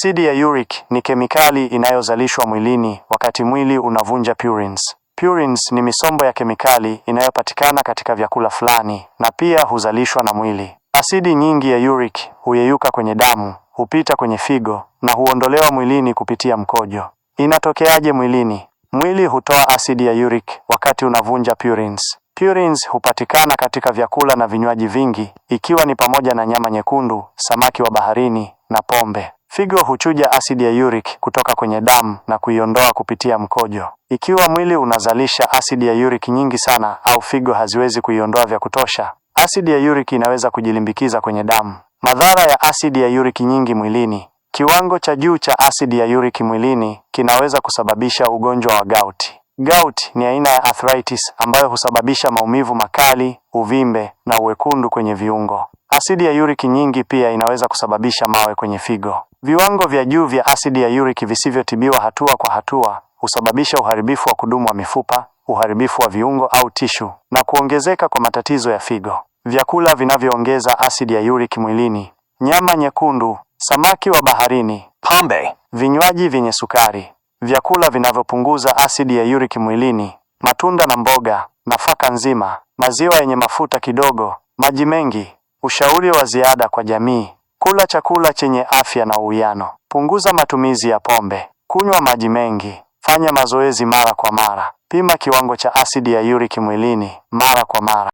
Asidi ya uric ni kemikali inayozalishwa mwilini wakati mwili unavunja purines. Purines ni misombo ya kemikali inayopatikana katika vyakula fulani na pia huzalishwa na mwili. Asidi nyingi ya uric huyeyuka kwenye damu, hupita kwenye figo na huondolewa mwilini kupitia mkojo. Inatokeaje mwilini? Mwili hutoa asidi ya uric wakati unavunja purines. Purines hupatikana katika vyakula na vinywaji vingi, ikiwa ni pamoja na nyama nyekundu, samaki wa baharini na pombe. Figo huchuja asidi ya uric kutoka kwenye damu na kuiondoa kupitia mkojo. Ikiwa mwili unazalisha asidi ya uric nyingi sana au figo haziwezi kuiondoa vya kutosha, asidi ya uric inaweza kujilimbikiza kwenye damu. Madhara ya asidi ya uric nyingi mwilini. Kiwango cha juu cha asidi ya uric mwilini kinaweza kusababisha ugonjwa wa gout. Gout ni aina ya arthritis ambayo husababisha maumivu makali, uvimbe na uwekundu kwenye viungo. Asidi ya uric nyingi pia inaweza kusababisha mawe kwenye figo. Viwango vya juu vya asidi ya uric visivyotibiwa hatua kwa hatua husababisha uharibifu wa kudumu wa mifupa, uharibifu wa viungo au tishu na kuongezeka kwa matatizo ya figo. Vyakula vinavyoongeza asidi ya uric mwilini: nyama nyekundu, samaki wa baharini, pombe, vinywaji vyenye sukari. Vyakula vinavyopunguza asidi ya uric mwilini: matunda na mboga, nafaka nzima, maziwa yenye mafuta kidogo, maji mengi. Ushauri wa ziada kwa jamii: Kula chakula chenye afya na uwiano. Punguza matumizi ya pombe. Kunywa maji mengi. Fanya mazoezi mara kwa mara. Pima kiwango cha asidi ya uric mwilini mara kwa mara.